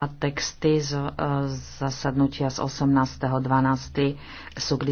A texty z e, zasadnutia z 18.12. sú k